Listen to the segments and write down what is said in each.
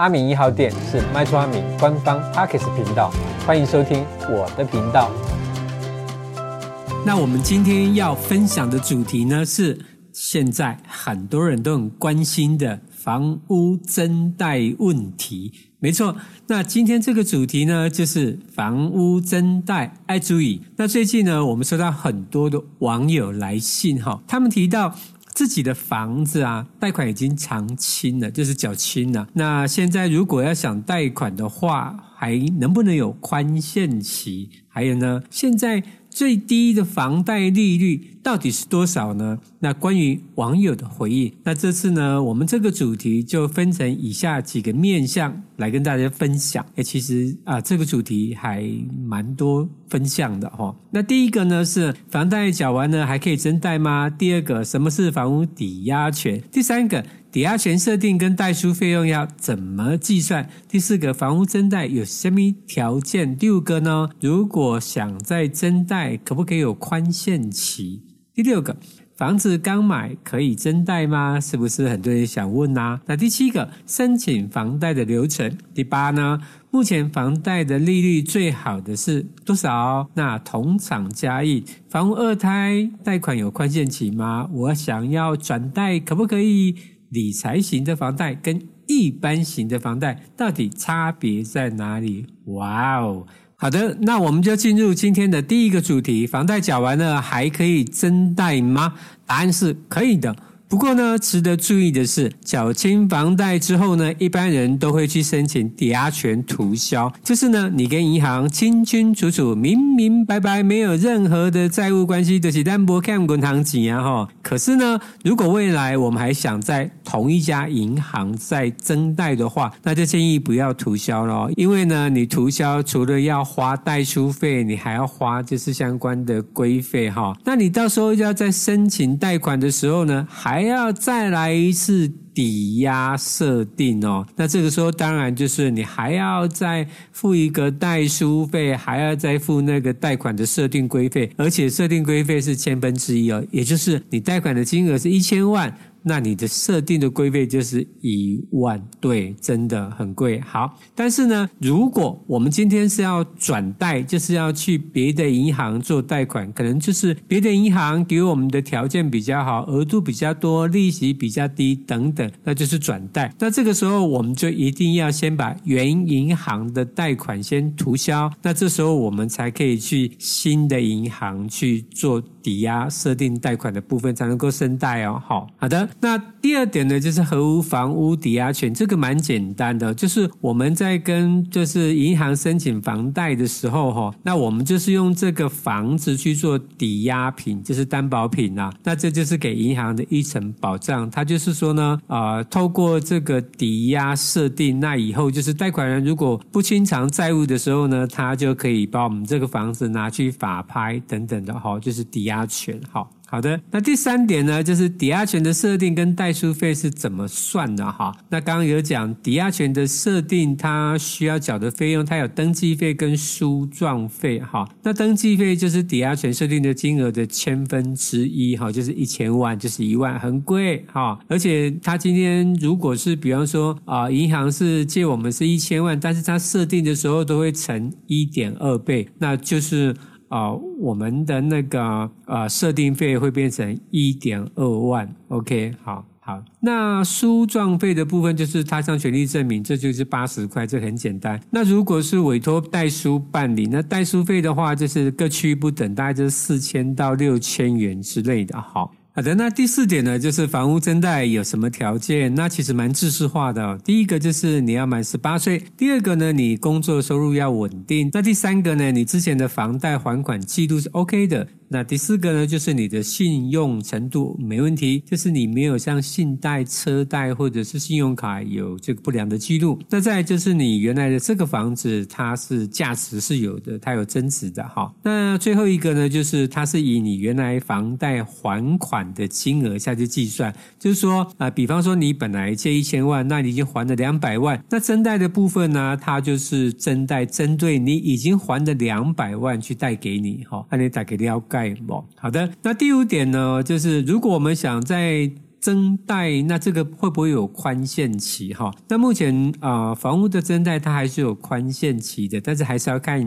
阿明一號店是麥廚阿明官方 Podcast 頻道，歡迎收聽我的頻道。那我們今天要分享的主題呢，是現在很多人都很關心的房屋增貸問題。沒錯，那今天這個主題呢，就是房屋增貸。哎，注意，那最近呢，我們收到很多的網友來信，哈，他們提到。自己的房子啊，貸款已經償清了，就是繳清了。那現在如果要想貸款的話，還能不能有寬限期？還有呢，現在。最低的房貸利率到底是多少呢？那關於網友的回應，那這次呢，我們這個主題就分成以下幾個面向來跟大家分享。欸、其實啊，這個主題還蠻多分項的哈、哦。那第一個呢是房貸繳完呢還可以增貸嗎？第二個，什麼是房屋抵押權？第三個。抵押權設定跟代書費用要怎麼計算？第四個，房屋增貸有蝦米條件？第五個呢？如果想再增貸，可不可以有寬限期？第六個，房子剛買可以增貸嗎？是不是很多人想問吶、啊？那第七個，申請房貸的流程？第八呢？目前房貸的利率最好的是多少？那同場加映，房屋二胎貸款有寬限期嗎？我想要轉貸，可不可以？理財型的房貸跟一般型的房貸到底差別在哪裡？哇哦，好的，那我們就進入今天的第一個主題：房貸繳完了，還可以增貸嗎？答案是可以的。不過呢，值得注意的是，繳清房貸之後呢，一般人都會去申請抵押權塗銷，就是呢，你跟銀行清清楚楚、明明白白，沒有任何的債務關係，就是單薄看滾堂紙啊哈。可是呢，如果未來我們還想在同一家銀行再增貸的話，那就建議不要塗銷咯，因為呢，你塗銷除了要花代書費，你還要花就是相關的規費哈。那你到時候要再申請貸款的時候呢，還還要再來一次抵押設定哦，那這個時候當然就是你還要再付一個代書費，還要再付那個貸款的設定規費，而且設定規費是千分之一哦，也就是你貸款的金額是一千萬。那你的設定的規費就是一萬，對，真的很貴。好，但是呢，如果我們今天是要轉貸，就是要去別的銀行做貸款，可能就是別的銀行給我們的條件比較好，額度比較多，利息比較低等等，那就是轉貸。那這個時候，我們就一定要先把原銀行的貸款先塗銷，那這時候我們才可以去新的銀行去做。抵押設定貸款的部分才能夠申貸哦。好，好的。那第二點呢，就是何謂房屋抵押權，這個蠻簡單的，就是我們在跟就是銀行申請房貸的時候，哈，那我們就是用這個房子去做抵押品，就是擔保品啊。那這就是給銀行的一層保障。他就是說呢，啊、呃，透過這個抵押設定，那以後就是貸款人如果不清償債務的時候呢，他就可以把我們這個房子拿去法拍等等的，哈，就是抵。抵押權，好好的。那第三點呢，就是抵押權的設定跟代書費是怎麼算的？哈，那剛剛有講抵押權的設定，它需要繳的費用，它有登記費跟書狀費。哈，那登記費就是抵押權設定的金額的千分之一，哈，就是一千萬就是一萬，很貴，哈。而且它今天如果是比方說啊，呃、銀行是借我們是一千萬，但是它設定的時候都會乘一點二倍，那就是。啊、呃，我們的那個呃設定費會變成一點二萬，OK，好，好，那書狀費的部分就是他項權利證明，這就是八十塊，這很簡單。那如果是委托代書辦理，那代書費的話，就是各區域不等，大概就是四千到六千元之類的，好。好的，那第四點呢，就是房屋增貸有什麼條件？那其實蠻制式化的哦。第一個就是你要滿十八歲，第二個呢，你工作收入要穩定，那第三個呢，你之前的房貸還款記錄是 OK 的。那第四個呢，就是你的信用程度沒問題，就是你沒有像信貸、車貸或者是信用卡有這個不良的記錄。那再來就是你原來的這個房子，它是價值是有的，它有增值的哈。那最後一個呢，就是它是以你原來房貸還款的金額下去計算，就是說啊，比方說你本來借一千萬，那你已經還了兩百萬，那增貸的部分呢，它就是增貸針對你已經還的兩百萬去貸給你哈，這樣大家了解。好的，的那第五點呢，就是如果我們想再增貸，那這個會不會有寬限期哈？那目前啊、呃，房屋的增貸它還是有寬限期的，但是還是要看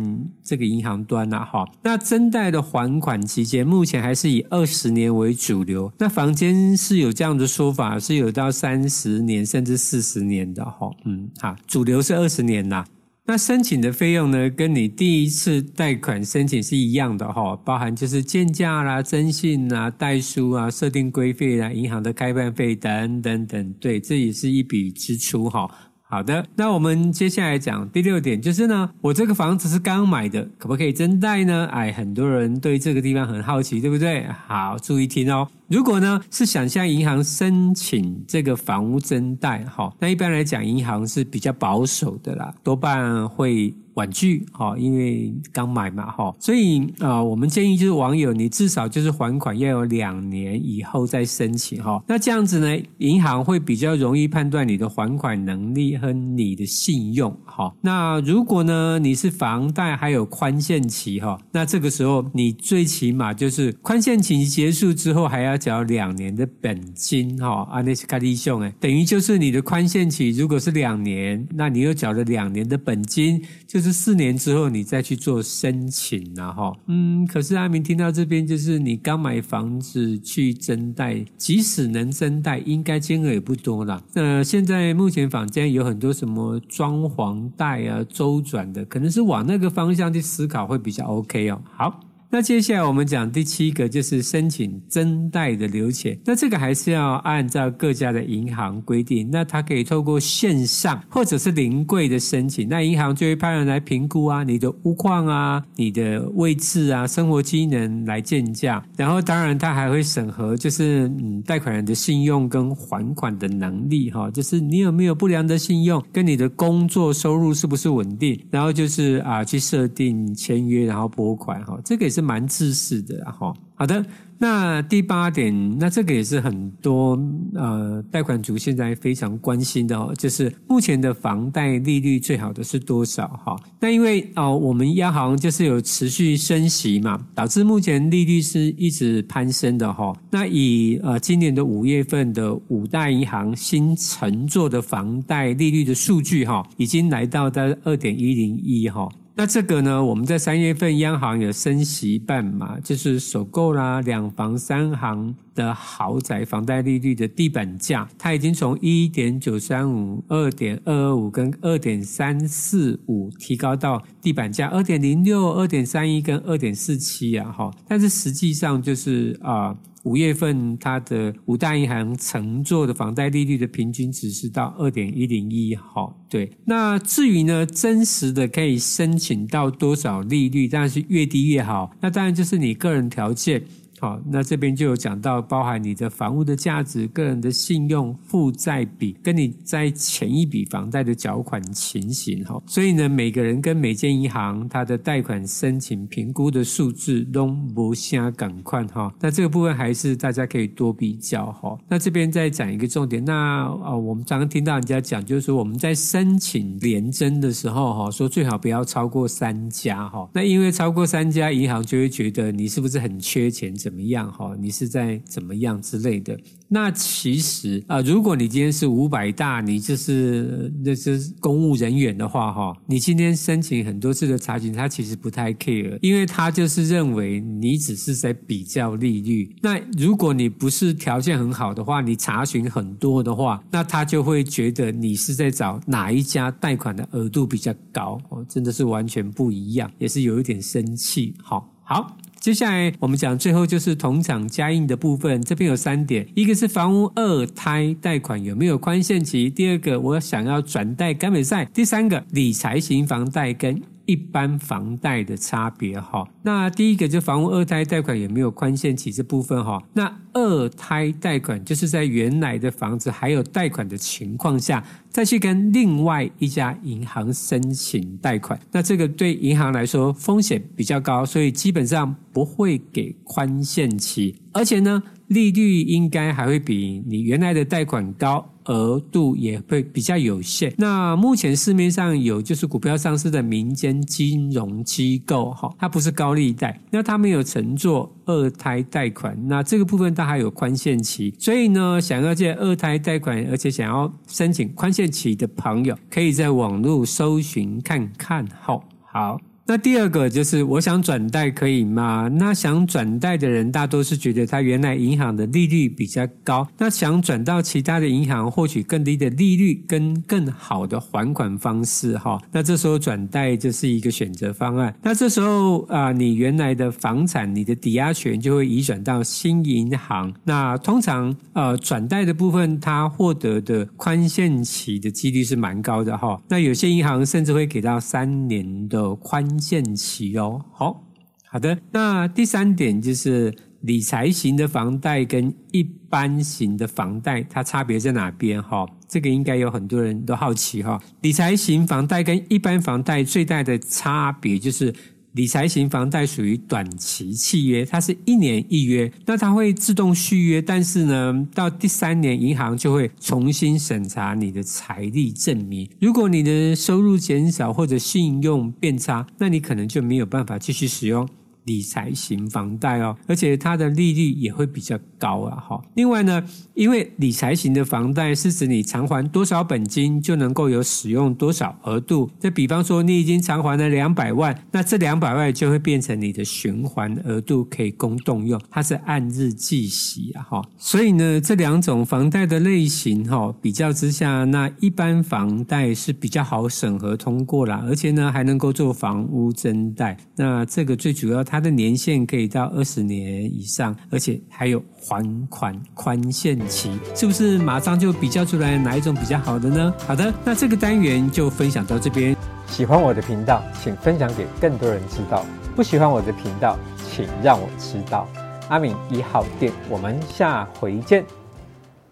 這個銀行端吶。哈，那增貸的還款期間，目前還是以二十年為主流。那房間是有這樣的說法，是有到三十年甚至四十年的哈。嗯，好，主流是二十年吶。那申請的費用呢，跟你第一次貸款申請是一樣的哈、哦，包含就是建價啦、啊、徵信啦、啊、代書啊、設定規費啦、啊、銀行的開辦費等等等，對，這也是一筆支出哈。好的，那我們接下來講第六點，就是呢，我這個房子是剛買的，可不可以增貸呢？哎，很多人對這個地方很好奇，對不對？好，注意聽哦。如果呢是想向銀行申請這個房屋增貸，哈，那一般來講銀行是比較保守的啦，多半會婉拒，哈，因為剛買嘛，哈，所以啊，呃，我們建議就是網友，你至少就是還款要有兩年以後再申請，哈，那這樣子呢，銀行會比較容易判斷你的還款能力和你的信用，哈。那如果呢你是房貸還有寬限期，哈，那這個時候你最起碼就是寬限期結束之後還要，繳兩年的本金，哈，啊那是看利息，等於就是你的寬限期如果是兩年，那你又繳了兩年的本金，就是四年之後你再去做申請了哈。嗯，可是阿明聽到這邊就是你剛買房子去增貸，即使能增貸，應該金額也不多了。那現在目前坊間有很多什麼裝潢貸啊、周轉的，可能是往那個方向去思考會比較 OK 哦。好。那接下來我們講第七個，就是申請增貸的流程。那這個還是要按照各家的銀行規定。那它可以透過線上或者是臨櫃的申請。那銀行就會派人來評估啊，你的屋況啊、你的位置啊、生活機能來鑑價。然後當然他還會審核，就是嗯貸款人的信用跟還款的能力哈、哦，就是你有沒有不良的信用，跟你的工作收入是不是穩定。然後就是啊，去設定簽約，然後撥款哈、哦，這個也是。蠻自私的哈、啊。好的，那第八點，那這個也是很多呃貸款族現在非常關心的哦，就是目前的房貸利率最好的是多少哈？那因為哦、呃，我們央行就是有持續升息嘛，導致目前利率是一直攀升的哈。那以呃今年的五月份的五大銀行新承作的房貸利率的數據哈，已經來到在二點一零一哈。那這個呢，我們在三月份央行有升息半嘛，就是首購啦、兩房三行的豪宅房貸利率的地板價，它已經從一點九三五、二點二二五跟二點三四五提高到地板價二點零六、二點三一跟二點四七啊，哈！但是實際上就是啊，呃，五月份它的五大銀行承作的房貸利率的平均值是到二點一零一，哈，對。那至於呢，真實的可以申請到多少利率，當然是越低越好。那當然就是你個人條件。好，那這邊就有講到包含你的房屋的價值、個人的信用、負債比，跟你在前一筆房貸的繳款情形。哈，所以呢，每個人跟每間銀行他的貸款申請評估的數字都不相同款哈，那這個部分還是大家可以多比較。哈，那這邊再講一個重點，那啊，我們常常聽到人家講，就是說我們在申請聯徵的時候，哈，說最好不要超過三家。哈，那因為超過三家銀行就會覺得你是不是很缺錢？怎麼。怎麼樣哈？你是在怎麼樣之類的？那其實啊、呃，如果你今天是五百大，你就是那、呃就是公務人員的話哈、哦，你今天申請很多次的查詢，他其實不太 care，因為他就是認為你只是在比較利率。那如果你不是條件很好的話，你查詢很多的話，那他就會覺得你是在找哪一家貸款的額度比較高。哦，真的是完全不一樣，也是有一點生氣。哈、哦，好。接下來我們講最後就是同場加映的部分，這邊有三點，一個是房屋二胎貸款有沒有寬限期，第二個我想要轉貸干美曬，第三個理財型房貸跟一般房貸的差別哈。那第一個就房屋二胎貸款有沒有寬限期這部分哈，那二胎貸款就是在原來的房子還有貸款的情況下，再去跟另外一家銀行申請貸款，那這個對銀行來說風險比較高，所以基本上不會給寬限期，而且呢，利率應該還會比你原來的貸款高，額度也會比較有限。那目前市面上有就是股票上市的民間金融機構，哈，它不是高利貸，那他們有承做。二胎貸款，那這個部分它還有寬限期，所以呢，想要借二胎貸款，而且想要申請寬限期的朋友，可以在網絡搜尋看看，吼，好。那第二個就是我想轉貸可以嗎？那想轉貸的人大多是覺得他原來銀行的利率比較高，那想轉到其他的銀行獲取更低的利率跟更好的還款方式哈。那這時候轉貸就是一個選擇方案。那這時候啊、呃，你原來的房產，你的抵押權就會移轉到新銀行。那通常呃轉貸的部分他獲得的寬限期的幾率是蠻高的哈。那有些銀行甚至會給到三年的寬限期哦，好好的。那第三點就是理財型的房貸跟一般型的房貸，它差別在哪邊？哈、哦，這個應該有很多人都好奇哈、哦。理財型房貸跟一般房貸最大的差別就是。理財型房貸屬於短期契約，它是一年一約，那它會自動續約，但是呢，到第三年銀行就會重新審查你的財力證明。如果你的收入減少或者信用變差，那你可能就沒有辦法繼續使用。理財型房貸哦，而且它的利率也會比較高啊，哈。另外呢，因為理財型的房貸是指你償還多少本金就能夠有使用多少額度。那比方說你已經償還了兩百萬，那這兩百萬就會變成你的循環額度，可以供動用。它是按日計息啊，哈。所以呢，這兩種房貸的類型哈，哦，比較之下，那一般房貸是比較好審核通過啦，而且呢還能夠做房屋增貸。那這個最主要。它的年限可以到二十年以上，而且還有還款寬限期，是不是馬上就比較出來哪一種比較好的呢？好的，那這個單元就分享到這邊。喜歡我的頻道，請分享給更多人知道；不喜歡我的頻道，請讓我知道。阿明一號店，我們下回見。